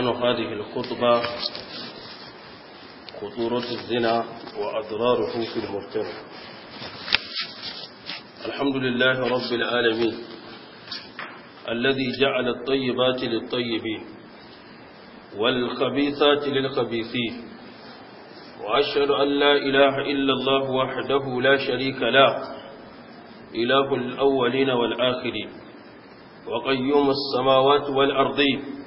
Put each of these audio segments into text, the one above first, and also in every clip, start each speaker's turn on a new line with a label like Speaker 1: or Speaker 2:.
Speaker 1: عنوان هذه الخطبة خطورة الزنا وأضراره في المجتمع الحمد لله رب العالمين الذي جعل الطيبات للطيبين والخبيثات للخبيثين وأشهد أن لا إله إلا الله وحده لا شريك له إله الأولين والآخرين وقيوم السماوات والأرضين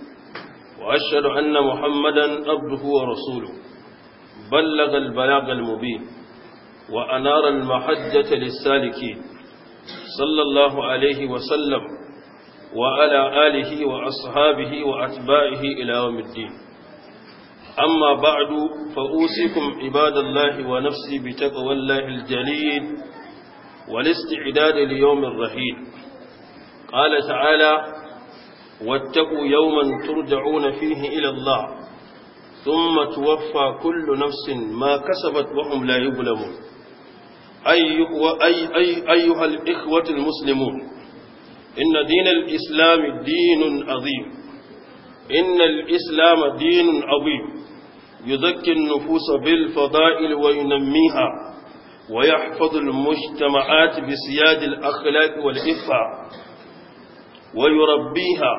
Speaker 1: وأشهد أن محمدا عبده ورسوله بلغ البلاغ المبين وأنار المحجة للسالكين صلى الله عليه وسلم وعلى آله وأصحابه وأتباعه إلى يوم الدين أما بعد فأوصيكم عباد الله ونفسي بتقوى الله الجليل والاستعداد ليوم الرحيل قال تعالى واتقوا يوما ترجعون فيه إلى الله ثم توفى كل نفس ما كسبت وهم لا يظلمون أيها الإخوة المسلمون إن دين الإسلام دين عظيم إن الإسلام دين عظيم يذكي النفوس بالفضائل وينميها ويحفظ المجتمعات بسياد الأخلاق والإفاق ويربيها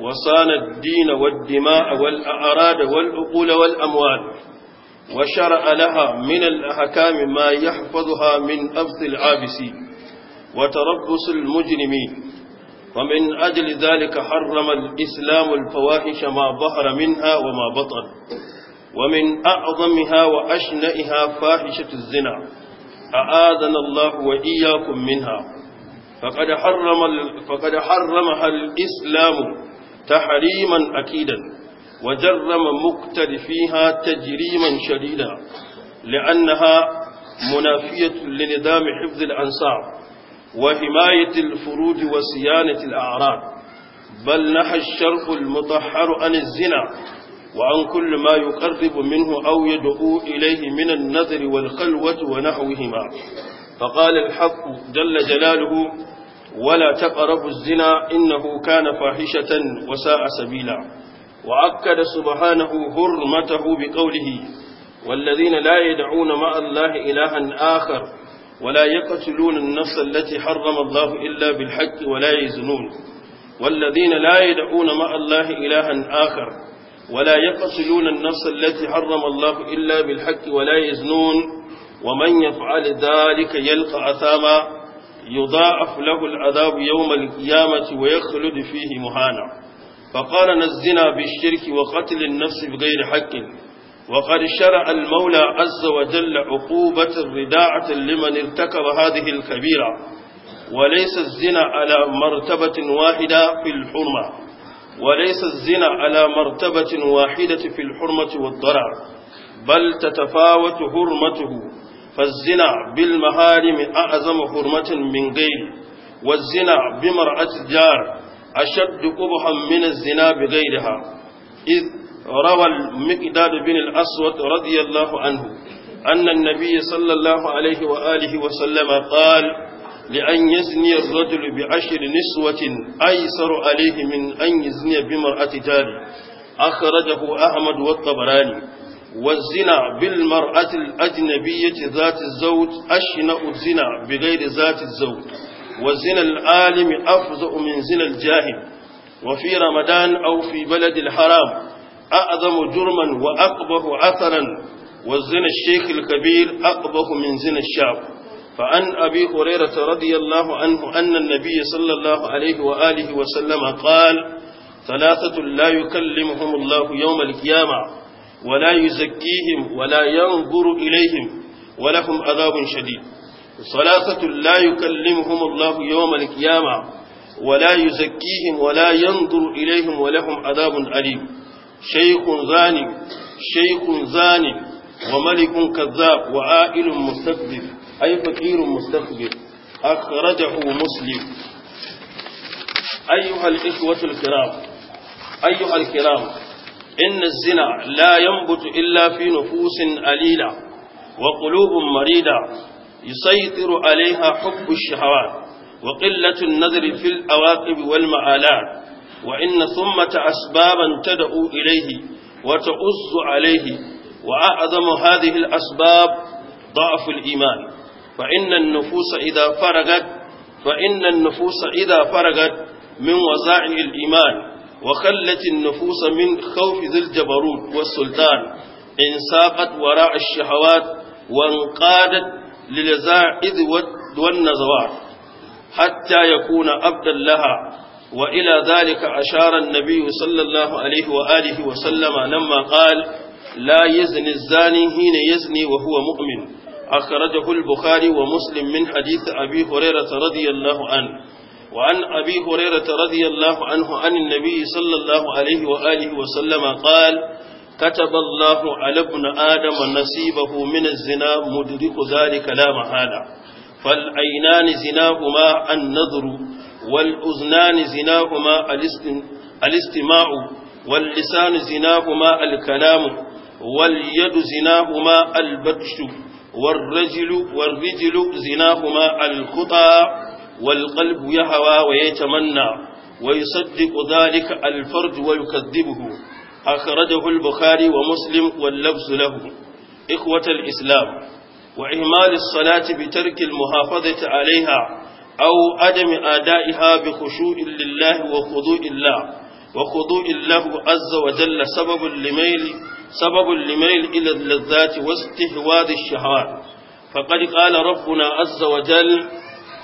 Speaker 1: وصان الدين والدماء والأعراض والعقول والأموال وشرع لها من الأحكام ما يحفظها من أبث العابسين وتربص المجرمين ومن أجل ذلك حرم الإسلام الفواحش ما ظهر منها وما بطن ومن أعظمها وأشنئها فاحشة الزنا أعاذنا الله وإياكم منها فقد حرم فقد حرمها الإسلام تحريما أكيدا وجرم فيها تجريما شديدا لأنها منافية لنظام حفظ الأنصار وحماية الفروج وصيانة الأعراض بل نهى الشرف المطهر عن الزنا وعن كل ما يقرب منه أو يدعو إليه من النذر والخلوة ونحوهما فقال الحق جل جلاله ولا تقربوا الزنا إنه كان فاحشة وساء سبيلا وأكد سبحانه هرمته بقوله والذين لا يدعون مع الله إلها آخر ولا يقتلون النفس التي حرم الله إلا بالحق ولا يزنون والذين لا يدعون مع الله إلها آخر ولا يقتلون النفس التي حرم الله إلا بالحق ولا يزنون ومن يفعل ذلك يلقى أثاما يضاعف له العذاب يوم القيامة ويخلد فيه مهانا فقال نزنا بالشرك وقتل النفس بغير حق وقد شرع المولى عز وجل عقوبة رداعة لمن ارتكب هذه الكبيرة وليس الزنا على مرتبة واحدة في الحرمة وليس الزنا على مرتبة واحدة في الحرمة والضرر بل تتفاوت حرمته فالزنا بالمحارم أعظم حرمة من غير والزنا بمرأة الجار أشد قبحا من الزنا بغيرها إذ روى المقداد بن الأسود رضي الله عنه أن النبي صلى الله عليه وآله وسلم قال لأن يزني الرجل بعشر نسوة أيسر عليه من أن يزني بمرأة جار أخرجه أحمد والطبراني والزنا بالمرأة الأجنبية ذات الزوج أشنأ الزنا بغير ذات الزوج وزنا العالم أفضأ من زنا الجاهل وفي رمضان أو في بلد الحرام أعظم جرما وأقبه عثرا وزنا الشيخ الكبير أقبه من زنا الشعب فعن أبي هريرة رضي الله عنه أن النبي صلى الله عليه وآله وسلم قال ثلاثة لا يكلمهم الله يوم القيامة ولا يزكيهم ولا ينظر إليهم ولهم عذاب شديد ثلاثة لا يكلمهم الله يوم القيامة ولا يزكيهم ولا ينظر إليهم ولهم عذاب أليم شيخ زاني شيخ زاني وملك كذاب وعائل مستكبر أي فقير مستكبر أخرجه مسلم أيها الإخوة الكرام أيها الكرام إن الزنا لا ينبت إلا في نفوس أليلة وقلوب مريدة يسيطر عليها حب الشهوات وقلة النذر في الأواقب والمآلات وإن ثمة أسبابا تدعو إليه وتؤز عليه وأعظم هذه الأسباب ضعف الإيمان فإن النفوس إذا فرغت فإن النفوس إذا فرغت من وزائع الإيمان وخلت النفوس من خوف ذي الجبروت والسلطان إن ساقت وراء الشهوات وانقادت للزاعد والنزوات حتى يكون عبدا لها وإلى ذلك أشار النبي صلى الله عليه وآله وسلم لما قال لا يزني الزاني حين يزني وهو مؤمن أخرجه البخاري ومسلم من حديث أبي هريرة رضي الله عنه وعن أبي هريرة رضي الله عنه عن النبي صلى الله عليه وآله وسلم قال كتب الله على ابن آدم نصيبه من الزنا مدرك ذلك لا محالة فالعينان زناهما النظر والأذنان زناهما الاستماع واللسان زناهما الكلام واليد زناهما البتش والرجل والرجل زناهما الخطأ والقلب يهوى ويتمنى ويصدق ذلك الفرج ويكذبه أخرجه البخاري ومسلم واللبس له إخوة الإسلام وإهمال الصلاة بترك المحافظة عليها أو عدم أدائها بخشوع لله وخضوع الله وخضوع الله عز وجل سبب لميل سبب لميل إلى اللذات واستهواذ الشهوات فقد قال ربنا عز وجل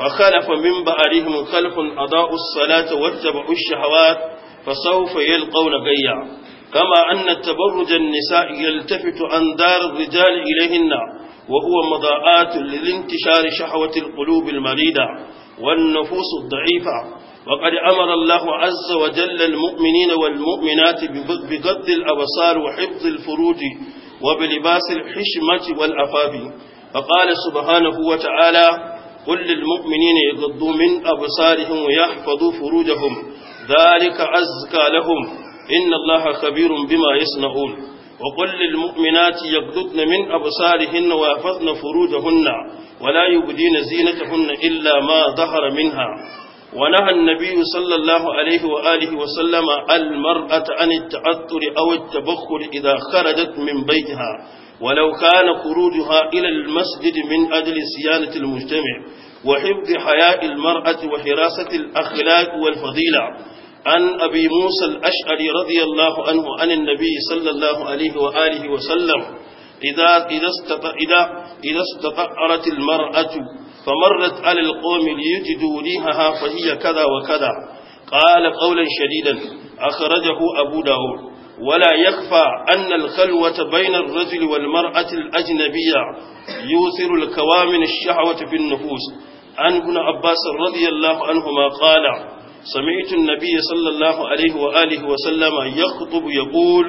Speaker 1: فخلف من بعدهم خلف أضاءوا الصلاة واتبعوا الشهوات فسوف يلقون غيا كما أن التبرج النساء يلتفت عن دار الرجال إليهن وهو مضاءات للانتشار شهوة القلوب المريدة والنفوس الضعيفة وقد أمر الله عز وجل المؤمنين والمؤمنات بغض الأبصار وحفظ الفروج وبلباس الحشمة والأفاب فقال سبحانه وتعالى قل للمؤمنين يغضوا من أبصارهم ويحفظوا فروجهم ذلك أزكى لهم إن الله خبير بما يصنعون وقل للمؤمنات يغضضن من أبصارهن ويحفظن فروجهن ولا يبدين زينتهن إلا ما ظهر منها ونهى النبي صلى الله عليه وآله وسلم المرأة عن التعطر أو التبخل إذا خرجت من بيتها ولو كان خروجها إلى المسجد من أجل صيانة المجتمع وحفظ حياء المرأة وحراسة الأخلاق والفضيلة عن أبي موسى الأشعري رضي الله عنه عن النبي صلى الله عليه وآله وسلم إذا, إذا, استطع إذا, إذا استطعرت المرأة فمرت على القوم ليجدوا ريحها فهي كذا وكذا قال قولا شديدا أخرجه أبو داود ولا يخفى أن الخلوة بين الرجل والمرأة الأجنبية يوثر الكوامن الشهوة في النفوس عن ابن عباس رضي الله عنهما قال سمعت النبي صلى الله عليه وآله وسلم يخطب يقول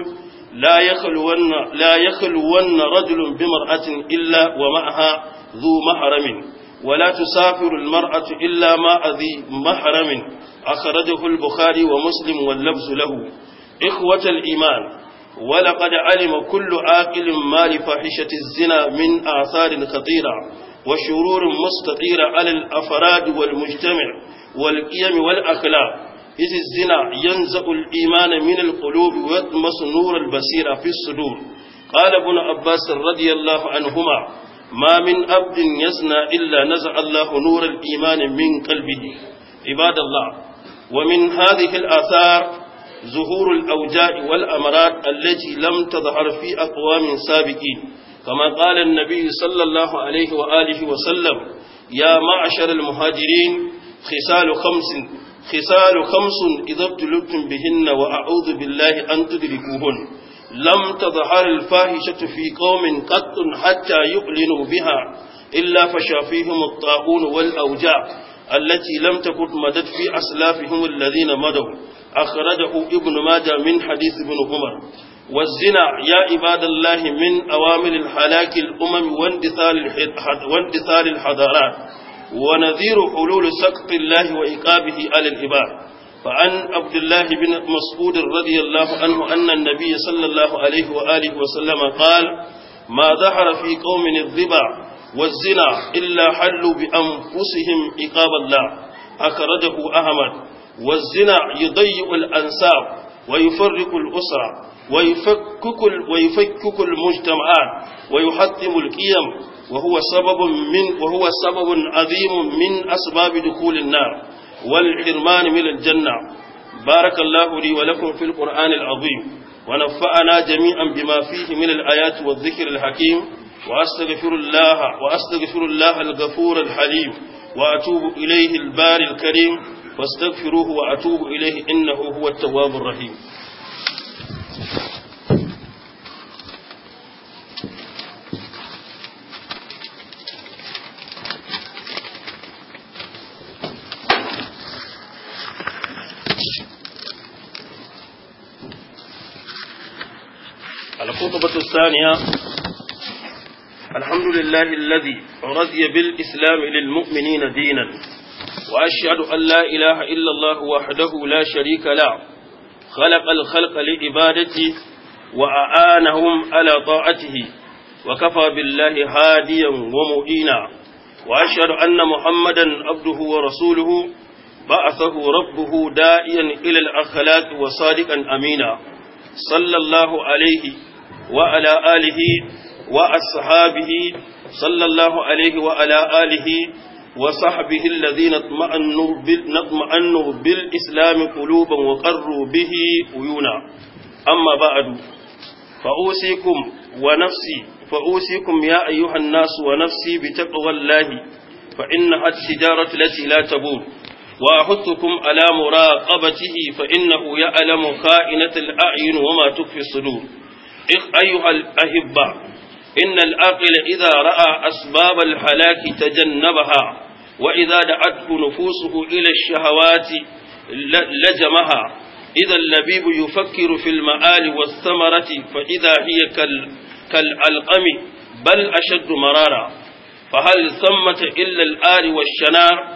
Speaker 1: لا يخلون, لا يخلون رجل بمرأة إلا ومعها ذو محرم ولا تسافر المرأة إلا مع ذي محرم أخرجه البخاري ومسلم واللبس له إخوة الإيمان ولقد علم كل عاقل ما لفاحشة الزنا من آثار خطيرة وشرور مستطيرة على الأفراد والمجتمع والقيم والأخلاق إذ الزنا ينزق الإيمان من القلوب ويطمس نور البصيرة في الصدور قال ابن عباس رضي الله عنهما ما من عبد يزنى إلا نزع الله نور الإيمان من قلبه عباد الله ومن هذه الآثار ظهور الأوجاع والأمراض التي لم تظهر في أقوام سابقين كما قال النبي صلى الله عليه وآله وسلم يا معشر المهاجرين خصال خمس خصال خمس إذا ابتلبتم بهن وأعوذ بالله أن تدركوهن لم تظهر الفاحشة في قوم قط حتى يعلنوا بها إلا فشا فيهم الطاعون والأوجاع التي لم تكن مدت في أسلافهم الذين مضوا أخرجه ابن ماجه من حديث ابن عمر والزنا يا عباد الله من أوامر الحلاك الأمم واندثار الحضارات ونذير حلول سقط الله وإقابه على العباد فعن عبد الله بن مسعود رضي الله عنه أن النبي صلى الله عليه وآله وسلم قال ما ظهر في قوم الضبع والزنا إلا حلوا بأنفسهم إقاب الله أخرجه أحمد والزنا يضيء الأنساب ويفرق الأسرة ويفكك, ويفكك المجتمعات ويحطم القيم وهو سبب من وهو سبب عظيم من أسباب دخول النار والحرمان من الجنة بارك الله لي ولكم في القرآن العظيم ونفعنا جميعا بما فيه من الآيات والذكر الحكيم وأستغفر الله وأستغفر الله الغفور الحليم وأتوب إليه الباري الكريم واستغفروه وأتوب إليه إنه هو التواب الرحيم الخطبة الثانية الحمد لله الذي رضي بالإسلام للمؤمنين دينا وأشهد أن لا إله إلا الله وحده لا شريك له خلق الخلق لعبادته وأعانهم على طاعته وكفى بالله هاديا ومؤينا وأشهد أن محمدا عبده ورسوله بعثه ربه دائيا إلى الأخلاق وصادقا أمينا صلى الله عليه وعلى آله وأصحابه صلى الله عليه وعلى آله وصحبه الذين اطمأنوا نطمأنوا بالإسلام قلوبا وقروا به عيونا أما بعد فأوصيكم ونفسي فأوصيكم يا أيها الناس ونفسي بتقوى الله فإنها التجارة التي لا تبور وأحثكم على مراقبته فإنه يعلم خائنة الأعين وما تخفي الصدور أيها الأحبة إن العاقل إذا رأى أسباب الهلاك تجنبها وإذا دعته نفوسه إلى الشهوات لجمها إذا اللبيب يفكر في المآل والثمرة فإذا هي كالألقم بل أشد مرارا فهل ثمة إلا الآل والشنار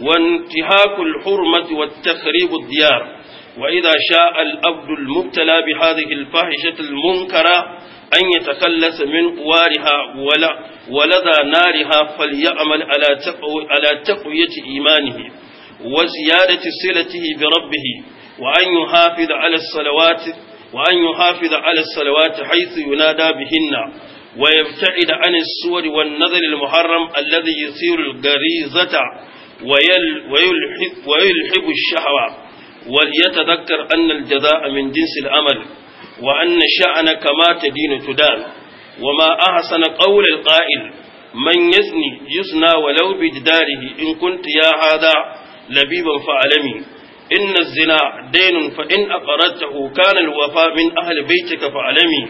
Speaker 1: وانتهاك الحرمة والتخريب الديار وإذا شاء الأبد المبتلى بهذه الفاحشة المنكرة أن يتخلص من قوارها ولا ولدى نارها فليعمل على تقوية, على تقوية إيمانه وزيادة صلته بربه وأن يحافظ على الصلوات وأن يحافظ على الصلوات حيث ينادى بهن ويبتعد عن السور والنظر المحرم الذي يثير الغريزة ويل ويلحق ويلحب الشهوة وليتذكر أن الجزاء من جنس الأمل وأن شأنك ما تدين تدان وما أحسن قول القائل من يزني يسنى ولو بجداره إن كنت يا هذا لبيبا فعلمي إن الزنا دين فإن أقرته كان الوفاء من أهل بيتك فعلمي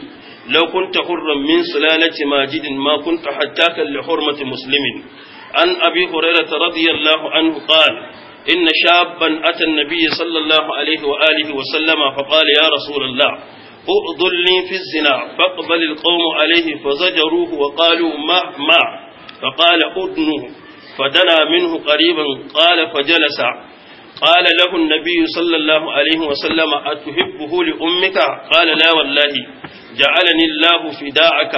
Speaker 1: لو كنت حرا من سلالة ماجد ما كنت حتاكا لحرمة مسلم عن أبي هريرة رضي الله عنه قال إن شابا أتى النبي صلى الله عليه وآله وسلم فقال يا رسول الله اؤذل لي في الزنا فاقبل القوم عليه فزجروه وقالوا ما ما فقال أدنه فدنا منه قريبا قال فجلس قال له النبي صلى الله عليه وسلم أتحبه لأمك قال لا والله جعلني الله فداعك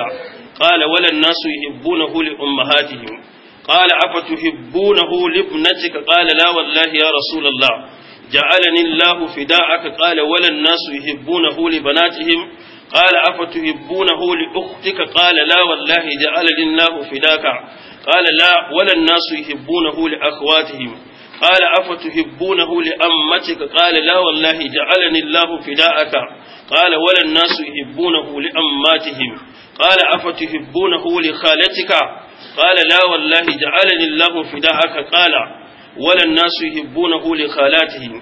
Speaker 1: قال ولا الناس يحبونه لأمهاتهم قال أفتحبونه لابنتك قال لا والله يا رسول الله ja'alani Allah fida'aka qala walan nasu yuhibbunahu li banatihim قال أفتهبونه لأختك قال لا والله جعل الله فداك قال لا ولا الناس يحبونه لأخواتهم قال أفتهبونه لأمتك قال لا والله جعلني الله فداءك قال ولا الناس يحبونه لأماتهم قال أفتهبونه لخالتك قال لا والله جعلني الله فداءك قال ولا الناس يحبونه لخالاته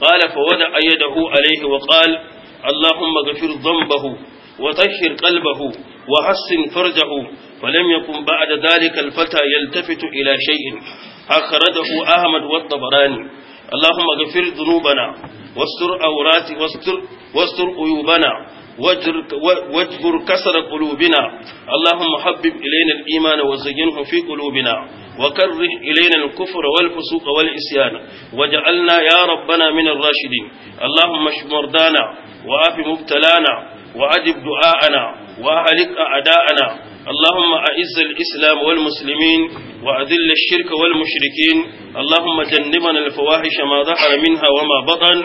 Speaker 1: قال فوضع يده عليه وقال اللهم اغفر ذنبه وطهر قلبه وحسن فرجه فلم يكن بعد ذلك الفتى يلتفت إلى شيء أخرجه أحمد والطبراني اللهم اغفر ذنوبنا واستر أوراتي واستر, واستر عيوبنا واجبر كسر قلوبنا اللهم حبب إلينا الإيمان وزينه في قلوبنا وكره إلينا الكفر والفسوق والعصيان واجعلنا يا ربنا من الراشدين اللهم اشف مرضانا وعاف مبتلانا وأجب دعاءنا وأهلك أعداءنا اللهم أعز الإسلام والمسلمين وأذل الشرك والمشركين اللهم جنبنا الفواحش ما ظهر منها وما بطن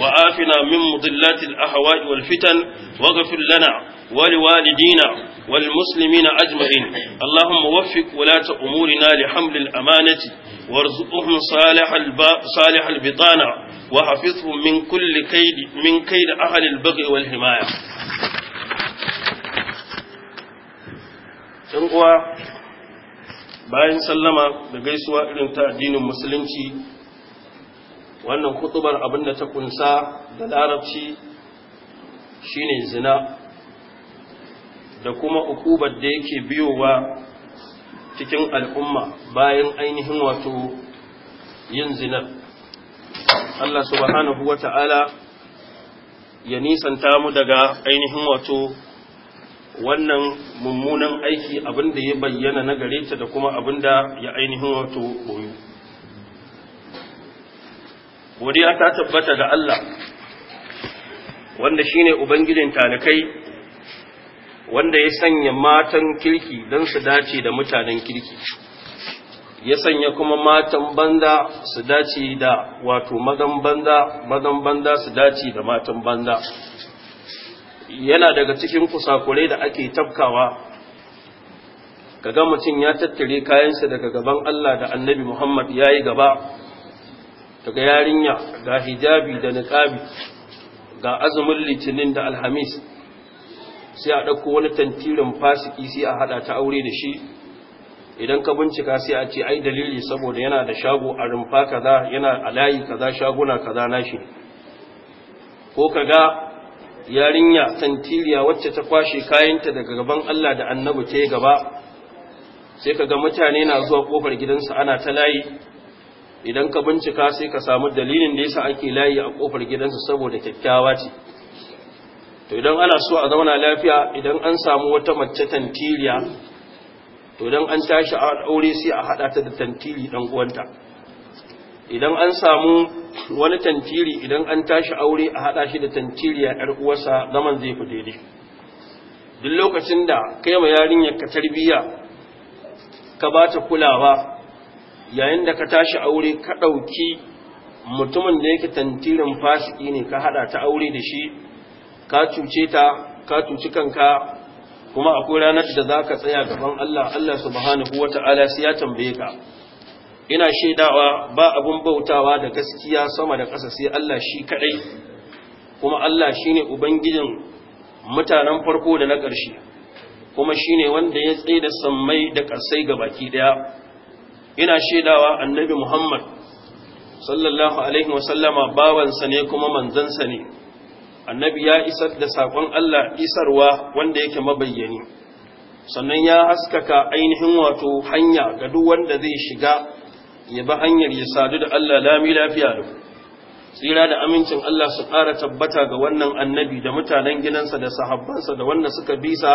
Speaker 1: وآفنا من مضلات الأهواء والفتن واغفر لنا ولوالدينا والمسلمين أجمعين اللهم وفق ولاة أمورنا لحمل الأمانة وارزقهم صالح, صالح البطانة وحفظهم من كل كيد من كيد أهل البغي والحماية ɗan uwa bayan sallama da gaisuwa irin ta addinin musulunci wannan kutubar da ta kunsa da larabci shine zina da kuma ukubar da yake biyowa cikin al'umma bayan ainihin wato yin zinar Allah subhanahu ta'ala ya nisanta mu daga ainihin wato wannan mummunan aiki abin da ya bayyana na gare ta da kuma abin da ya ainihin wato boyu godiya ta tabbata da Allah wanda shine ubangijin talakai wanda ya sanya matan kirki don su dace da mutanen kirki ya sanya kuma matan banda su dace da wato madan banda madan banda su dace da matan banda yana daga cikin kusakurai da ake tafkawa kaga mutum ya tattare kayansa daga gaban Allah da annabi Muhammad ya yi gaba daga yarinya ga hijabi da niƙabi, ga azumin litinin da alhamis sai a ɗauko wani tantirin fasiki sai a haɗa ta aure da shi idan ka bincika sai a ce ai dalili saboda yana da shago a rumfa kaza yana a layi kaza shaguna kaza nashi ko kaga yarinya tantiriya wacce ta kwashe kayanta daga gaban Allah da annabi ta yi gaba sai ka ga mutane na zuwa ƙofar gidansa ana ta layi idan ka bincika sai ka samu dalilin da yasa ake layi a kofar gidansa saboda kyakkyawa ce to idan ana so a zauna lafiya idan an samu wata mace tantiriya, to idan an tashi a aure sai a hada ta da tantiri ɗan uwanta idan an samu wani tantiri idan an tashi aure a haɗa shi da tantiri a ‘yar uwarsa zaman zai fi daidai duk lokacin da kai ma yarinyar ka tarbiya ka ba ta kulawa yayin da ka tashi aure ka ɗauki mutumin da yake tantirin fasiki ne ka haɗa ta aure da shi ka cuce ta ka cuci kanka kuma akwai ranar da za ka tsaya gaban Allah Allah subhanahu wa ta'ala sai ya tambaye ka ina shaidawa ba abin bautawa da gaskiya sama da ƙasa sai Allah shi kaɗai kuma Allah shi ne Ubangijin mutanen farko da na ƙarshe kuma shi ne wanda ya tsaye da sammai da ƙasai ga baki ɗaya ina shaidawa annabi Muhammad sallallahu alaihi wasallama bawansa ne kuma manzansa ne annabi ya isar da saƙon Allah isarwa wanda yake mabayyani sannan ya haskaka ainihin wato hanya ga duk wanda zai shiga ya ba hanyar ya sadu da Allah lami lafiya da tsira da amincin Allah su ƙara tabbata ga wannan annabi da mutanen gidansa da sahabbansa da wanda suka bisa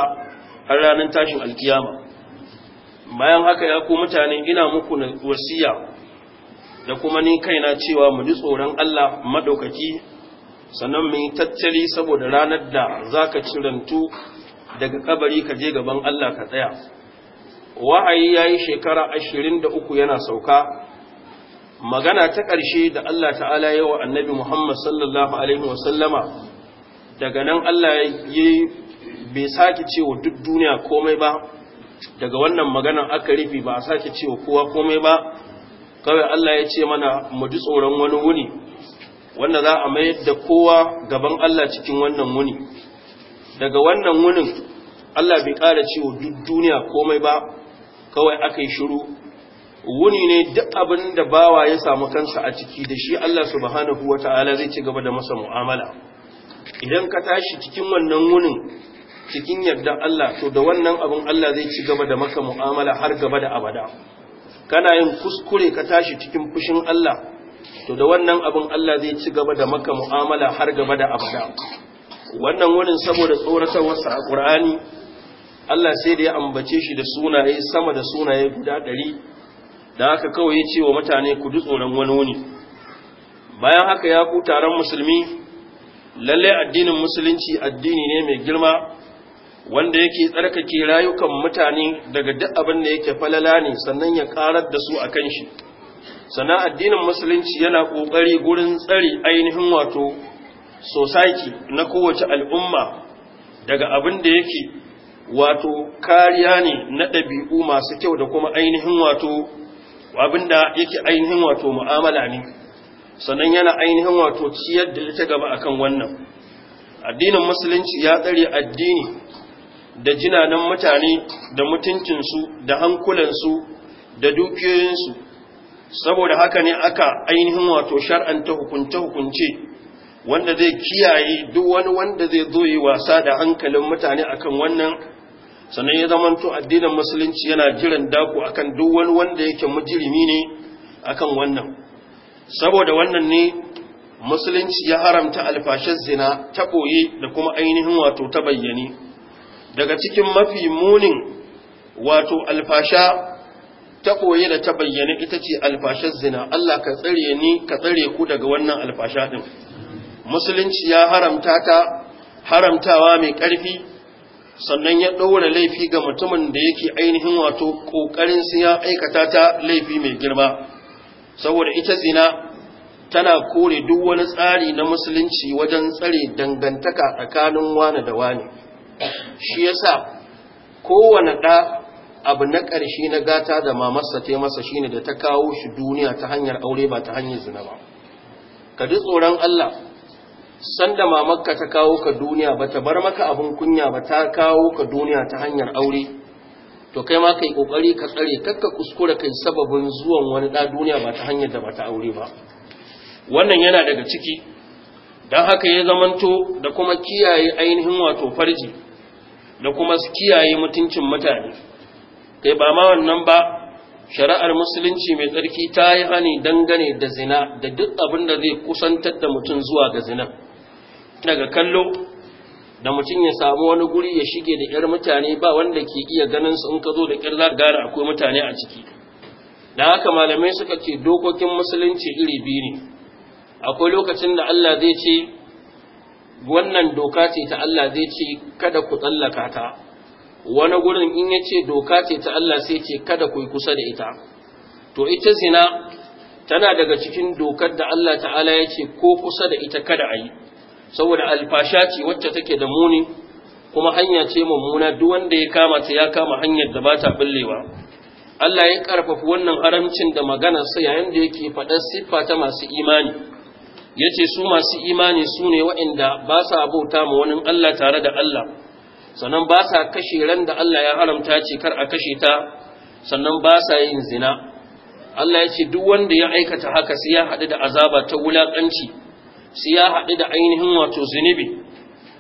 Speaker 1: har ranar tashin alkiyama bayan haka ya ku mutane ina muku na wasiya da kuma ni kaina cewa mu ji tsoron Allah madaukaki sannan mu yi tattali saboda ranar da zaka cirantu daga kabari ka je gaban Allah ka tsaya wahayi ya yi shekara ashirin da uku yana sauka magana ta ƙarshe da Allah ta'ala yi wa annabi Muhammad sallallahu Alaihi wasallama daga nan Allah ya bai sake cewa duk duniya komai ba daga wannan maganan aka rufe ba a sake cewa kowa komai ba kawai Allah ya ce mana mu ji tsoron wani wuni wanda za a mayar da kowa gaban Allah cikin wannan wuni daga wannan wunin Allah bai ƙara cewa duk duniya komai ba kawai aka yi shiru wuni ne duk abin da bawa ya samu kansa a ciki da shi Allah subhanahu wa ta'ala zai ci gaba da masa mu'amala idan ka tashi cikin wannan wunin cikin yadda Allah to da wannan abin Allah zai ci gaba da maka mu'amala har gaba da abada kana yin kuskure ka tashi cikin fushin Allah to da wannan abin Allah zai ci gaba da maka mu'amala har gaba da abada wannan wurin saboda tsoratarwarsa a Qur'ani Allah sai da ya ambace shi da sunaye sama da sunaye guda ɗari da haka kawai ya ce wa mutane ku tsoron wani wuni bayan haka ya ku taron musulmi lalle addinin musulunci addini ne mai girma wanda yake tsarkake rayukan mutane daga duk abin da yake falala ne sannan ya karar da su akan shi sannan addinin musulunci yana kokari gurin tsari ainihin wato society na kowace al'umma daga abin da yake wato kariya ne na ɗabi'u masu kyau da kuma ainihin wato abinda yake ainihin wato mu'amala ne sannan yana ainihin wato ciyar da ta gaba akan wannan addinin musulunci ya tsare addini da jinanan mutane da mutuncinsu da hankulansu da dukiyoyinsu saboda haka ne aka ainihin wato shar'anta hukunce-hukunce wanda zai kiyaye duk wani wanda zai zo yi wasa da hankalin mutane akan wannan sannan ya zamanto addinin musulunci yana jiran dako akan duk wani wanda yake mujrimi ne akan wannan saboda wannan ne musulunci ya haramta alfashin zina ta ɓoye da kuma ainihin wato ta bayyane daga cikin mafi munin wato alfasha ta ɓoye da ta bayyane ita ce alfashin zina Allah ka tsare ni ka tsare ku daga wannan alfasha ɗin musulunci ya haramta ta haramtawa mai ƙarfi sannan ya ɗaura laifi ga mutumin da yake ainihin wato ƙoƙarin siya ya aikata ta laifi mai girma saboda ita zina tana kore duk wani tsari na musulunci wajen tsare dangantaka tsakanin wani da wani shi yasa kowane ɗa abu na ƙarshe na gata da mamarsa ta masa shine da ta kawo shi duniya ta hanyar aure ba ta hanyar zina ba ka ji tsoron Allah sanda mamakka ta kawo ka duniya ba ta bar maka abin kunya ba ta kawo ka duniya ta hanyar aure to kai ma kai kokari ka tsare kakka kuskura kai sababin zuwan wani da duniya ba ta hanyar da ba ta aure ba wannan yana daga ciki don haka ya zamanto da kuma kiyaye ainihin wato farji da kuma kiyaye mutuncin mutane kai ba ma wannan ba shari'ar musulunci mai tsarki ta yi hani dangane da zina da duk abin da zai kusantar da mutum zuwa ga zina daga kallo da mutum ya samu wani guri ya shige da ƙyar mutane ba wanda ke iya ganin su in ka zo da ƙyar za gara akwai mutane a ciki da haka malamai suka ce dokokin musulunci iri biyu ne akwai lokacin da Allah zai ce wannan doka ce ta Allah zai ce kada ku tsallaka ta wani gurin in ya ce doka ce ta Allah sai ce kada ku yi kusa da ita to ita zina tana daga cikin dokar da Allah ta'ala ya ce ko kusa da ita kada a yi saboda alfasha ce wacce take da muni kuma hanya ce mummuna duk wanda ya kama ta ya kama hanyar da ba ta billewa Allah ya karfafa wannan haramcin da maganar sa yayin da yake faɗar siffa ta masu imani yace su masu imani su ne waɗanda ba sa abota ma wani Allah tare da Allah sannan ba sa kashe ran da Allah ya haramta ce kar a kashe ta sannan ba sa yin zina Allah ya ce duk wanda ya aikata haka sai ya haɗu da azaba ta wulaƙanci Su ya haɗu da ainihin wato zunubi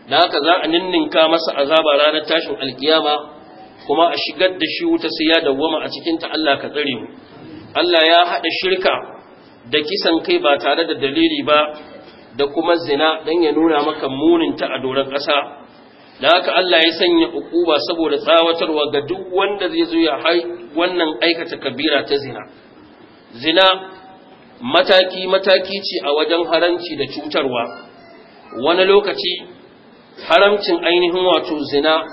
Speaker 1: da haka za a ninninka masa azaba ranar tashin alkiyama kuma a shigar da shi wuta sai ya dawwama a cikin ta Allah ka tsare mu Allah ya haɗa shirka da kisan kai ba tare da dalili ba da kuma zina dan ya nuna maka munin ta a doron ƙasa da haka Allah ya sanya ukuba saboda tsawatarwa ga duk wanda zai zo ya hai wannan aikata kabira ta zina zina mataki mataki ce a wajen haramci da cutarwa wani lokaci haramcin ainihin wato zina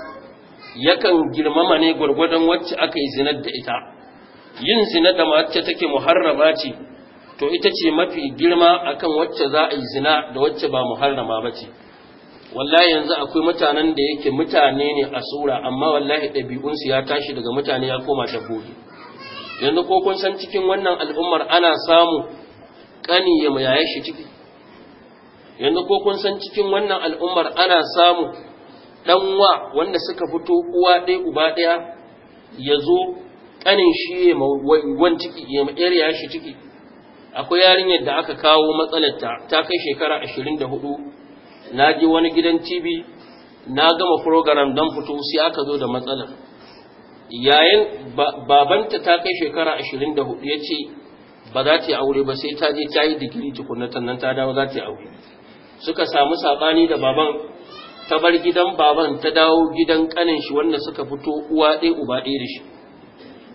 Speaker 1: yakan girmama ne gwargwadon wacce aka yi zinar da ita yin zina da mace take muharrama ce to ita ce mafi girma akan wacce za a yi zina da wacce ba muharrama ba ce wallahi yanzu akwai mutanen da yake mutane ne a sura amma wallahi ɗabi'unsu ya tashi daga mutane ya koma dabbobi yanzu ko kun san cikin wannan al'ummar ana samu ƙani ya mayaye shi ciki yanzu ko kun san cikin wannan al'ummar ana samu ɗanwa wanda suka fito uwa ɗaya uba ɗaya ya zo ƙanin shi ya ciki ya mayar shi ciki akwai yarinyar da aka kawo matsalar ta kai shekara ashirin da na je wani gidan tv na gama program don fito sai aka zo da matsalar yayin babanta ta kai shekara ashirin da ya ce ba za ta yi aure ba sai ta je ta yi digiri tukunna tannan ta dawo za ta yi aure suka samu saɓani da baban ta bar gidan baban ta dawo gidan kanin shi wanda suka fito uwa ɗaya uba ɗaya da shi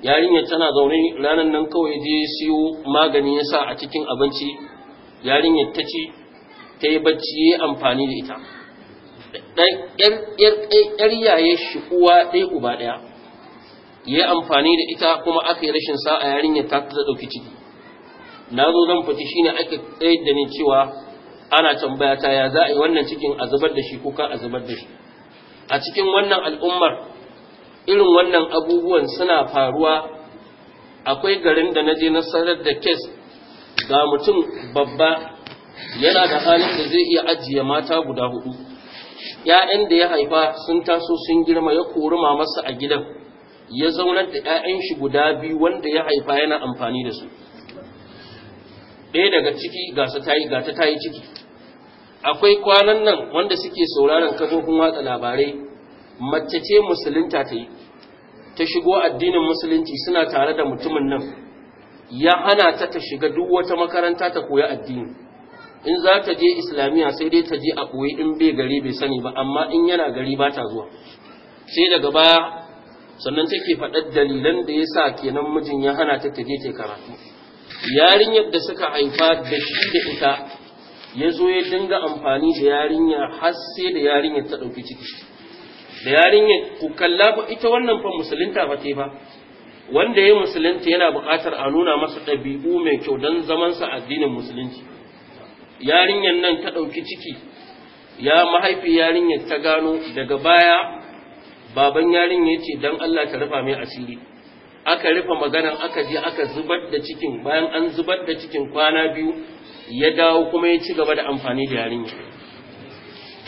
Speaker 1: yarinyar tana zaune ranar nan kawai je siyo magani ya sa a cikin abinci yarinyar ta ci ta yi bacci ya amfani da ita ɗan yaye shi uwa ɗaya uba ɗaya ya amfani da ita kuma aka yi rashin sa'a yarinyar ta ta ɗauki ciki na zo zan fiti shine aka tsayar da ni cewa ana tambaya ta ya za a yi wannan cikin a zubar da shi ko ka a da shi a cikin wannan al'ummar irin wannan abubuwan suna faruwa akwai garin da na je na sanar da kes ga mutum babba
Speaker 2: yana da halin da
Speaker 1: zai iya ajiye mata guda hudu ‘ya'yan da ya haifa sun taso sun girma ya kori masa a gidan ya zaunar da ‘ya'yan shi guda biyu wanda ya haifa yana amfani da su ɗaya daga ciki gasa ta gata ta yi ciki akwai kwanan nan wanda suke sauraron kafofin watsa labarai mace ce musulunta ta yi ta shigo addinin musulunci suna tare da mutumin nan ya hana ta ta shiga duk wata makaranta ta koya addini in za ta je islamiyya sai dai ta je a ɓoye in bai gari bai sani ba amma in yana gari ba ta zuwa sai daga baya sannan take faɗar dalilan da ya sa kenan mijin ya hana ta ta je ta karatu yarinyar da suka haifa da shi da ita ya zo ya dinga amfani da yarinya har sai da yarinyar ta ɗauki ciki da yarinyar ku kalla ba ita wannan fa musulunta ba ta ba wanda ya musulunta yana buƙatar a nuna masa ɗabi'u mai kyau don zamansa addinin musulunci yarinyar nan ta ɗauki ciki ya mahaifi yarinyar ta gano daga baya baban yarinyar ce don Allah ta rufa mai asiri aka rufe maganan aka je aka zubar da cikin bayan an zubar da cikin kwana biyu ya dawo kuma ya ci gaba da amfani da yarinya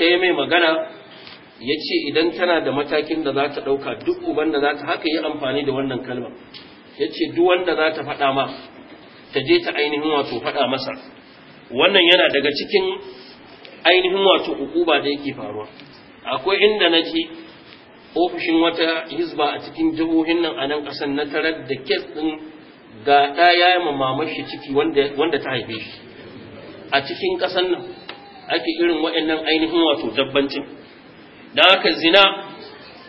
Speaker 1: ta yi mai magana ya ce idan tana da matakin da za ta ɗauka duk uban da za ta haka yi amfani da wannan kalma, ya ce duk wanda za ta faɗa ma ta je ta ainihin wato faɗa masa wannan yana daga cikin ainihin wato hukuba da yake faruwa akwai inda na ce ofishin wata hizba a cikin jihohin nan a nan ƙasar na tarar da kes ɗin ga ɗaya ya mamamar shi ciki wanda ta haife shi a cikin ƙasar nan ake irin waɗannan ainihin wato dabbancin da aka zina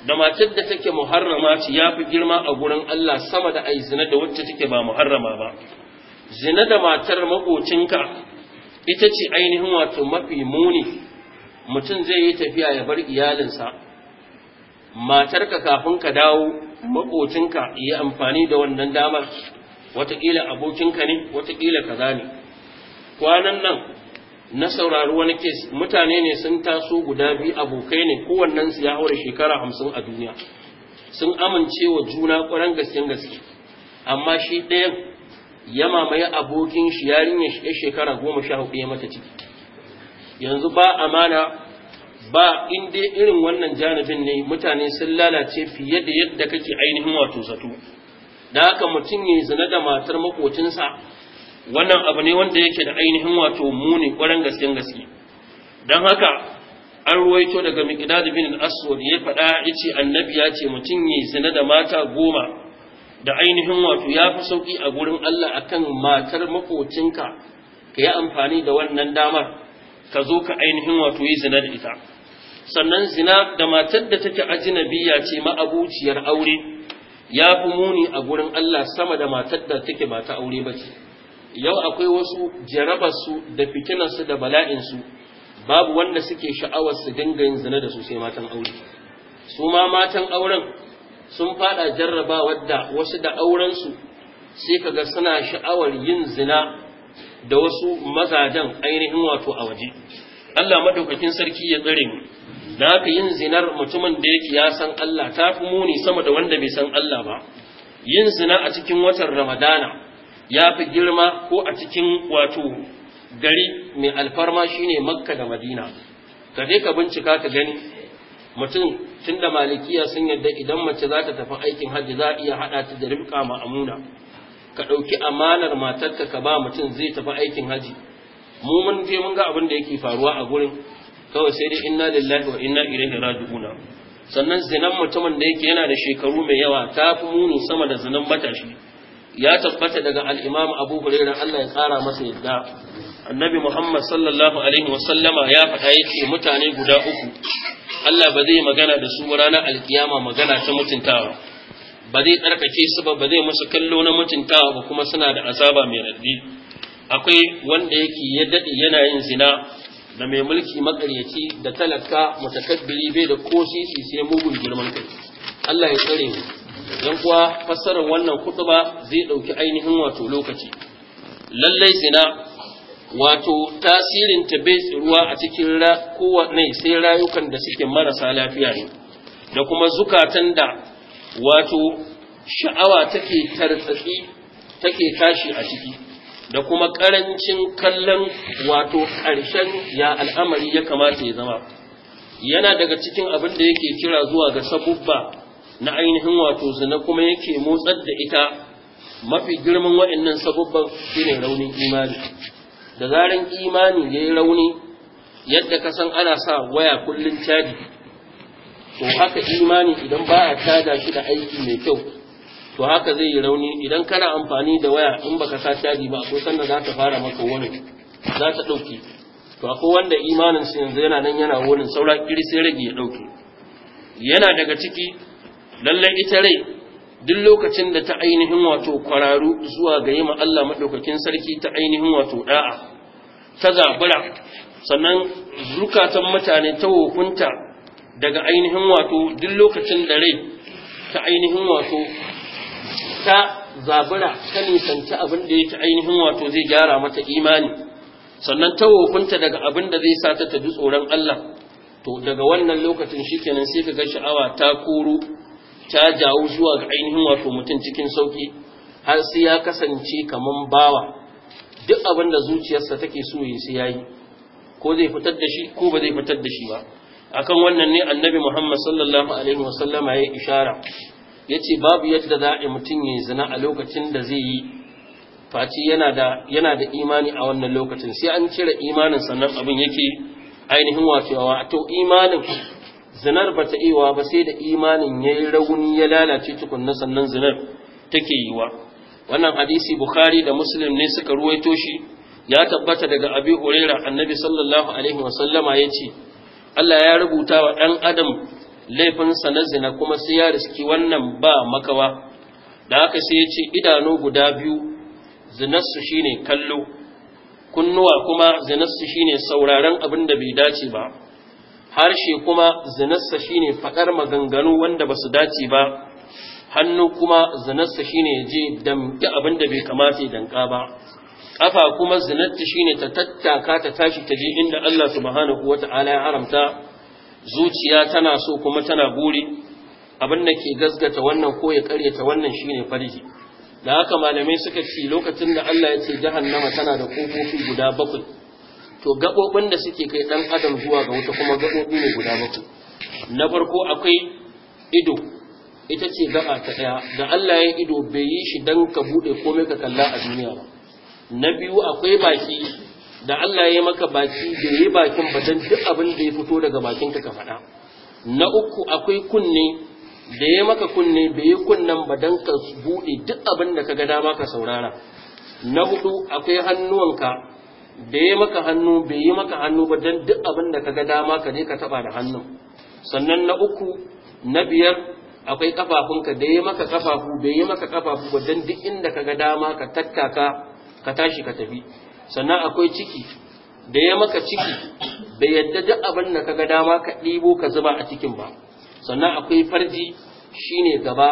Speaker 1: da matar da take muharrama ce ya fi girma a gurin Allah sama da ai zina da wacce take ba muharrama ba zina da matar maƙocinka ita ce ainihin wato mafi muni mutum zai yi tafiya ya bar iyalinsa matarka kafin ka dawo makocinka ya amfani da wannan damar watakila abokinka ne watakila kaza ne kwanan nan na saurari wani kes mutane ne sun taso guda biyu abokai ne kowannen su ya haura shekara hamsin a duniya sun amince wa juna ƙwarar gaske gaske amma shi ɗayan ya mamaye abokin shi yarinya shi shekara goma sha hudu ya mata ciki yanzu ba amana ba in dai irin wannan janibin ne mutane sun lalace fiye da yadda kake ainihin wato zato da haka mutum ya zina da matar makocinsa wannan abu ne wanda yake da ainihin wato muni ƙwarar gasken gaske don haka an ruwaito daga miqdad binin al-aswad ya faɗa yace annabi ya ce mutum ya zina da mata goma da ainihin wato ya fi sauƙi a gurin Allah akan matar makocinka ka yi amfani da wannan damar ka zo ka ainihin wato yi zina da ita sannan zina da matar da take ajinabiya ce ma'abuciyar aure ya fi muni a gurin Allah sama da matar da take ba ta aure ba ce yau akwai wasu jarabarsu da fitinarsu da bala'insu babu wanda suke sha'awar su dinga yin zina da su sai matan aure su ma matan auren sun fada jarraba da wasu da aurensu sai kaga suna sha'awar yin zina da wasu mazajen ainihin wato a waje Allah madaukakin sarki ya tsare mu da haka yin zinar mutumin da yake ya san Allah ta fi muni sama da wanda bai san Allah ba yin zina a cikin watan Ramadana ya fi girma ko a cikin wato gari mai alfarma shine Makka da Madina ka je ka bincika ka gani mutum tun da malikiya sun yadda idan mace za ta tafi aikin hajji za iya haɗa ta da ribka ma'amuna ka ɗauki amanar matarka ka ba mutum zai tafi aikin hajji mu mun je mun ga abin da yake faruwa a gurin kawai sai dai inna lillahi wa inna ilaihi raji'una sannan zinan mutumin da yake yana da shekaru mai yawa ta fi muni sama da zinan matashi ya tabbata daga al-imam Abu Hurairah Allah ya kara masa yadda annabi Muhammad sallallahu alaihi wa sallama ya faɗa yake mutane guda uku Allah ba zai magana da su ranar alkiyama magana ta mutuntawa ba zai tsarkake su ba ba zai musu kallo na mutuntawa ba kuma suna da azaba mai raddi akwai wanda yake ya daɗe yana yin zina da mai mulki makaryaci da talaka mutakabbiri bai da ko sisi sai mugun girman kai Allah ya tsare mu dan kuwa fassarar wannan kutuba zai dauki ainihin wato lokaci lallai zina wato tasirin ta bai tsiruwa a cikin kowane sai rayukan da suke marasa lafiya ne da kuma zukatan da wato sha'awa take tartsatsi take tashi a ciki da kuma ƙarancin kallon wato ƙarshen ya al'amari ya kamata ya zama yana daga cikin abin da yake kira zuwa ga sabubba na ainihin wato zina kuma yake motsar da ita mafi girman waɗannan sabubban shine raunin imani da zaran imani ya yi rauni yadda ka san ana sa waya kullum caji to haka imani idan ba a caja shi da aiki mai kyau to haka zai yi rauni idan kana amfani da waya in baka sa caji ba ko sanda za ta fara maka wani za ta dauke to akwai wanda imanin su yanzu yana nan yana wani sauran kiri sai rage ya ɗauki. yana daga ciki lallai ita rai duk lokacin da ta ainihin wato kwararu zuwa ga yi Allah madaukakin sarki ta ainihin wato da'a ta zabura sannan zukatan mutane ta hukunta daga ainihin wato duk lokacin da rai ta ainihin wato ta zabura ta nisanci abin da yake ainihin wato zai gyara mata imani sannan ta wofinta daga abin da zai sa ta ta ji tsoron Allah to daga wannan lokacin shikenan sai ka ga sha'awa ta koro ta jawo zuwa ga ainihin wato mutum cikin sauki har sai ya kasance kaman bawa duk abin da zuciyarsa take so ya sai yayi ko zai fitar da shi ko ba zai fitar da shi ba akan wannan ne annabi Muhammad sallallahu alaihi wasallama ya ishara ya ce babu yadda za a mutum ya yi zina a lokacin da zai yi faci yana da imani a wannan lokacin sai an cire imanin sannan abin yake ainihin wacewa to imanin zinar ba ta iwa ba sai da imanin ya yi rauni ya lalace tukunna sannan zinar take yiwa wannan hadisi bukhari da muslim ne suka ruwaito shi ya tabbata daga abi huraira annabi sallallahu alaihi wasallama ya ce Allah ya rubuta wa ɗan adam laifinsa na zina kuma sai ya riski wannan ba makawa da haka sai ya ce idanu guda biyu zinarsu shine kallo kunnuwa kuma zinarsu shine sauraron abin da bai dace ba harshe kuma zinarsa shine faɗar maganganu wanda ba su dace ba hannu kuma zinarsa shine je damƙi abin da bai kamata ya danka ba ƙafa kuma zinarta shine ta tattaka ta tashi ta je inda Allah subhanahu wata'ala ya haramta zuciya tana so kuma tana buri abin da ke gasgata wannan ko ya karye ta wannan shine farji da haka malamai suka ce lokacin da Allah ya ce jahannama tana da kofofi guda bakwai to gabobin da suke kai dan adam zuwa ga wuta kuma gabobi ne guda bakwai na farko akwai ido ita ce gaba ta daya da Allah ya ido bai yi shi dan ka bude komai ka kalla a duniya ba na biyu akwai baki da Allah ya maka baki da yi bakin fatan duk abin da ya fito daga bakinka ka faɗa na uku akwai kunne da ya maka kunne bai yi kunnan ba ka buɗe duk abin da ka ga dama ka saurara na hudu akwai hannuwanka da ya maka hannu bai yi maka hannu ba don duk abin da ka ga dama ka je ka taba da hannun sannan na uku na biyar akwai kafafunka da ya maka kafafu bai yi maka kafafu ba don duk inda ka ga dama ka tattaka ka tashi ka tafi sannan akwai ciki da ya maka ciki bai yadda duk abin da kaga dama ka ɗibo ka zuba a cikin ba sannan akwai farji shine gaba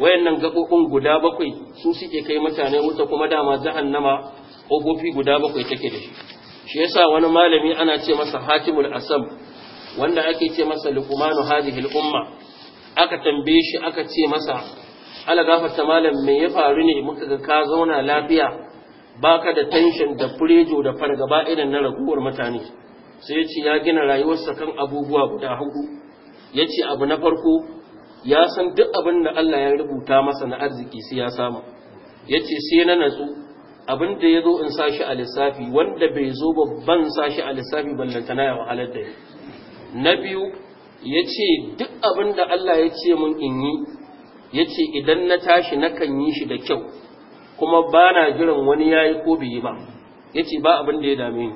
Speaker 1: wayannan gabobin guda bakwai su suke kai mutane wuta kuma dama jahannama ƙofofi guda bakwai take da shi shi yasa wani malami ana ce masa Hatimul Asab? wanda ake ce masa Luqmanu hadhihi umma aka tambaye shi aka ce masa ala gafarta malam me ya faru ne muka ga ka zauna lafiya baka da tension da furejo da fargaba irin na raguwar mutane sai ya ce ya gina rayuwarsa kan abubuwa guda hudu ya ce abu na farko ya san duk abin da Allah ya rubuta masa na arziki sai ya samu ya ce sai na natsu abin da ya zo in sa a lissafi wanda bai zo babban sa shi a lissafi na ya wahalar da na biyu ya ce duk abin da Allah ya ce mun in yi ya ce idan na tashi nakan yi shi da kyau kuma ba na jiran wani ya yi ko biyi ba ya ce ba abin da ya dame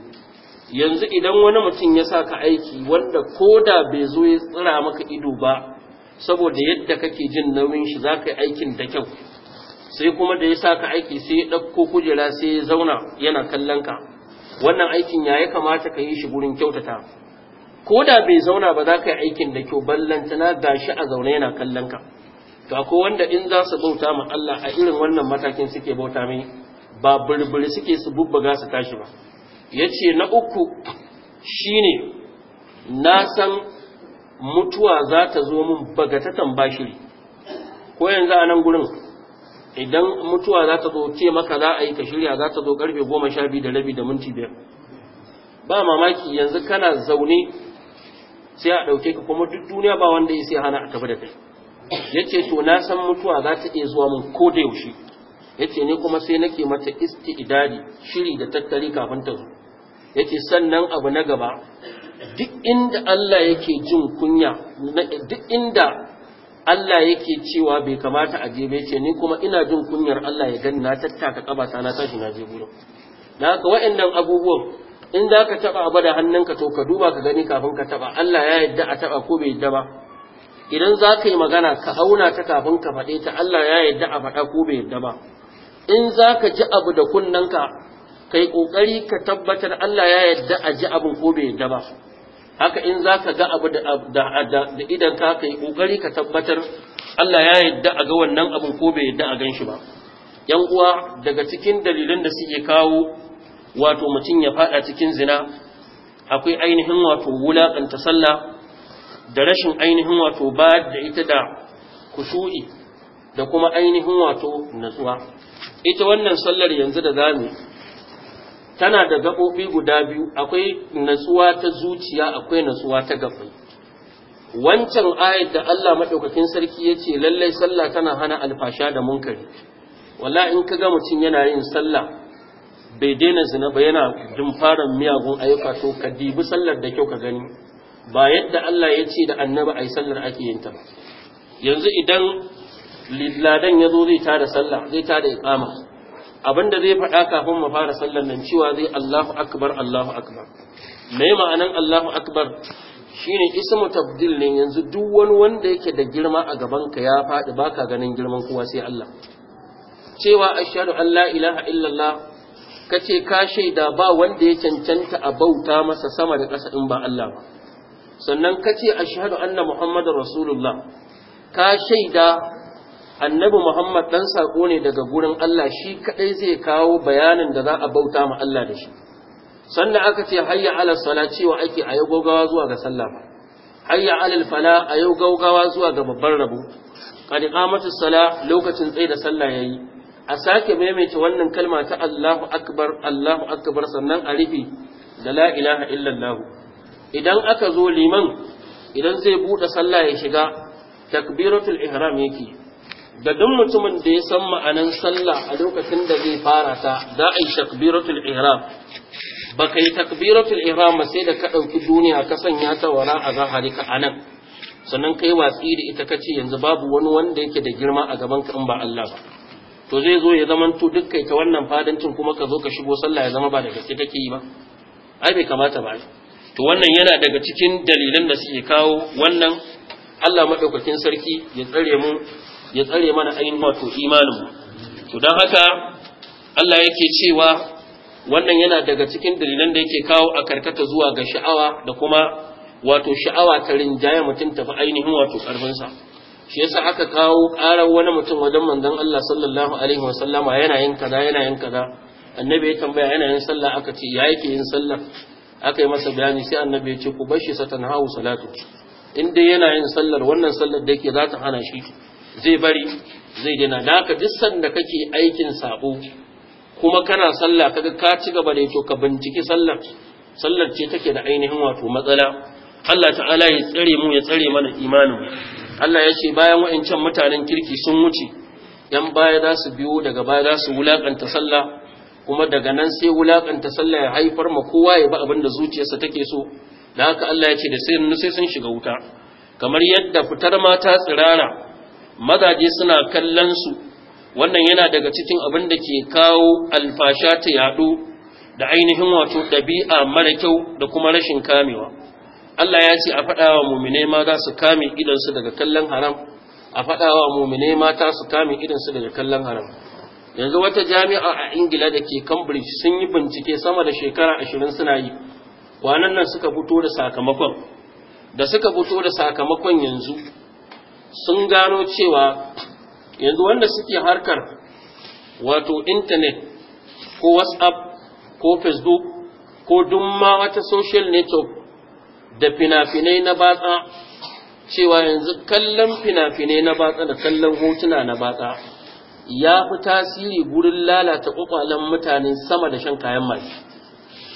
Speaker 1: ni yanzu idan wani mutum ya sa ka aiki wanda ko da bai zo ya tsira maka ido ba saboda yadda kake jin nauyin shi za ka yi aikin da kyau sai kuma da ya sa ka aiki sai ya ɗauko kujera sai ya zauna yana kallon ka wannan aikin ya ya kamata ka yi shi gurin kyautata ko da bai zauna ba za ka yi aikin da kyau ballantana shi a zaune yana kallon ka to ko wanda in za su bauta ma Allah a irin wannan matakin suke bauta mai ba burburi suke su bubbuga su tashi ba yace na uku shi ne, na san mutuwa za ta zo min bagatatan bashiri ko yanzu a nan gurin idan mutuwa za ta zo ce maka za a yi ka shirya za ta zo karfe goma sha biyu da rabi da minti biyar ba mamaki yanzu kana zaune sai a ɗauke ka kuma duk duniya ba wanda ya sai hana a tafi da kai yace to na san mutuwa za ta iya zuwa mun ko da yaushe yace ne kuma sai nake mata isti'dadi shiri da tattali kafin ta zo yace sannan abu na gaba duk inda Allah yake jin kunya duk inda Allah yake cewa bai kamata a jebe ce ni kuma ina jin kunyar Allah ya gani na tattaka kabata na tashi na je da haka wa'annan abubuwan in za ka taba abada da hannunka to ka duba ka gani kafin ka taba Allah ya yadda a taba ko bai yadda ba idan za ka yi magana ka auna ta kafin ka faɗe ta Allah ya yarda a faɗa ko bai yarda ba in za ka ji abu da kunnanka ka yi ƙoƙari ka tabbatar Allah ya yarda a ji abin ko bai yarda ba haka in za ka ga abu da idan ka ka yi ƙoƙari ka tabbatar Allah ya yarda a ga wannan abin ko bai yarda a gan shi ba ‘yan uwa daga cikin dalilan da suke kawo wato mutum ya faɗa cikin zina akwai ainihin wato wulaƙanta sallah da rashin ainihin wato ba da ita da kusu'i da kuma ainihin wato natsuwa ita wannan sallar yanzu da zamu tana da gaɓoɓi guda biyu akwai natsuwa ta zuciya akwai natsuwa ta gaba wancan ayat da Allah maɗaukakin sarki ya ce lallai sallah tana hana alfasha da munkari wala in ka ga mutum yana yin sallah bai daina zina ba yana jin fara miyagun ayyuka to ka dibi sallar da kyau ka gani ba yadda Allah ya ce da annabi a sallar ake yin ta yanzu idan lilladan ya zo zai ta da sallah zai ta da iqama abinda zai faɗa kafin mu fara sallar nan cewa zai Allahu akbar Allahu akbar me ma'anan Allahu akbar shine ismu tabdil ne yanzu duk wani wanda yake da girma a gaban ka ya faɗi baka ganin girman kowa sai Allah cewa ashhadu an la ilaha illallah kace ka shaida ba wanda ya cancanta a bauta masa sama da ƙasa in ba Allah ba sannan ka ce ashhadu anna muhammadar rasulullah ka shaida annabi muhammad dan sako ne daga gurin Allah shi kadai zai kawo bayanin da za a bauta ma Allah da shi sannan aka ce hayya ala sala cewa ake a yau gaugawa zuwa ga sallah hayya ala fala a yau gaugawa zuwa ga babban rabo Kadi qamatu sala lokacin tsaye da sallah yayi a sake maimaita wannan kalma ta Allahu akbar Allahu akbar sannan a rufe da la ilaha illallah idan aka zo liman idan zai buɗe sallah ya shiga takbiratul ihram yake da duk mutumin da ya san ma'anan sallah a lokacin da zai fara ta za a yi takbiratul ihram ba kai takbiratul ihram sai da ka ɗauki duniya ka sanya ta wara a zahari ka anan sannan kai watsi da ita kace yanzu babu wani wanda yake da girma a gaban ka in ba Allah ba to zai zo ya zama to duk kai ta wannan fadancin kuma ka zo ka shigo sallah ya zama ba da gaske kake yi ba ai bai kamata ba to wannan yana daga cikin dalilan da suke kawo wannan Allah madaukakin sarki ya tsare mu ya tsare mana ainihin wato imanin mu to dan haka Allah yake cewa wannan yana daga cikin dalilan da yake kawo a karkata zuwa ga sha'awa da kuma wato sha'awa ta rinjaye mutum tafi ainihin wato karfinsa shi yasa aka kawo ƙarar wani mutum wajen manzon Allah sallallahu alaihi wasallama yana yin kaza yana yin kaza annabi ya tambaya yana yin sallah aka ce ya yake yin sallah aka yi masa bayani sai annabi ya ce ku bashi satan hawu salatu in dai yana yin sallar wannan sallar da yake za ta hana shi zai bari zai dina da haka duk sanda kake aikin sabo kuma kana sallah kaga ka ci gaba da yato ka binciki sallar sallar ce take da ainihin wato matsala Allah ta'ala ya tsare mu ya tsare mana imanin Allah ya ce bayan wa'ancan mutanen kirki sun wuce yan baya za su biyo daga baya za su wulakanta sallah kuma daga nan sai wulakanta sallah ya haifar ma kowa ya ba abin da zuciyarsa take so da haka Allah ya ce da sai sai sun shiga wuta kamar yadda fitar mata tsirara mazaje suna kallon su wannan yana daga cikin abin da ke kawo alfasha ta yadu da ainihin wato ɗabi'a mara kyau da kuma rashin kamewa Allah ya ce a faɗawa wa mumine ma za su kame su daga kallon haram a faɗawa wa mumine mata su kame su daga kallon haram yanzu wata jami'a a ingila da ke cambridge sun yi bincike sama da shekara ashirin suna yi kwanan nan suka fito da sakamakon da suka fito da sakamakon yanzu sun gano cewa yanzu wanda suke harkar wato intanet ko whatsapp ko facebook ko dumma wata social network da fina-finai na batsa cewa yanzu kallon fina-finai na batsa da kallon hotuna na batsa ya fi tasiri gurin lalata kwakwalen mutane sama da shan kayan maye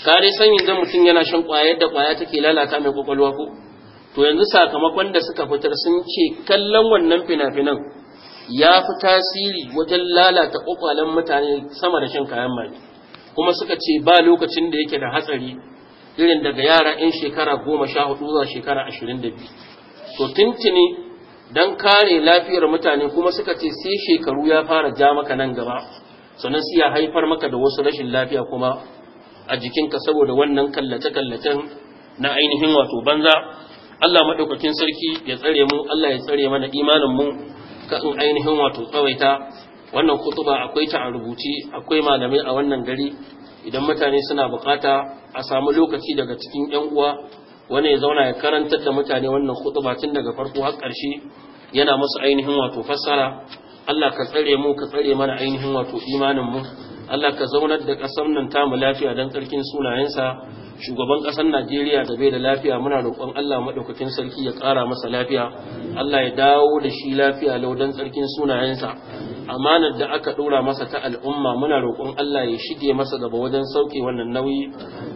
Speaker 1: ka dai san idan mutum yana shan kwaya da kwaya take lalata mai kwakwalwa ko to yanzu sakamakon da suka fitar sun ce kallon wannan fina-finan ya fi tasiri wajen lalata kwakwalen mutane sama da shan kayan maye kuma suka ce ba lokacin da yake da hatsari irin daga yara 'yan shekara goma sha hudu zuwa shekara ashirin da biyu to tuntuni don kare lafiyar mutane kuma suka ce sai shekaru ya fara ja maka nan gaba sannan sai ya haifar maka da wasu rashin lafiya kuma a jikinka saboda wannan kallace-kallacen na ainihin wato banza Allah maɗaukakin sarki ya tsare mu Allah ya tsare mana imanin mu ka in ainihin wato tsawaita wannan kutuba akwai ta a rubuce akwai malamai a wannan gari idan mutane suna bukata a samu lokaci daga cikin 'yan uwa wani ya zauna ya karantar da mutane wannan khutba tun daga farko har ƙarshe yana musu ainihin wato fassara Allah ka tsare mu ka tsare mana ainihin wato imanin mu Allah ka zaunar da ƙasar nan tamu lafiya don ƙarkin sunayensa shugaban ƙasar Najeriya da bai da lafiya muna roƙon Allah maɗaukakin sarki ya ƙara masa lafiya Allah ya dawo da shi lafiya lau don ƙarkin sunayensa amanar da aka ɗora masa ta al'umma muna roƙon Allah ya shige masa gaba wajen sauke wannan nauyi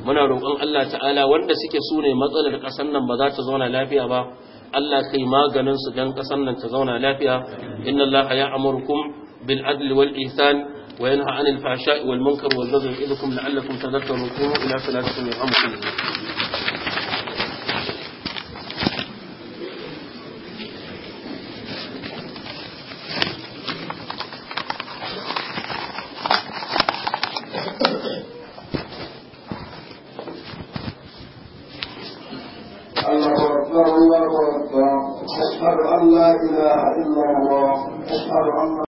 Speaker 1: muna roƙon Allah ta'ala wanda suke su ne matsalar ƙasar nan ba za ta zauna lafiya ba Allah kai maganin su don ƙasar nan ta zauna lafiya inna Allah ya amurkum bil adli wal ihsan وينهى عن الفحشاء والمنكر والبغي يعظكم لعلكم تذكرون إلى ثلاثة من الأمر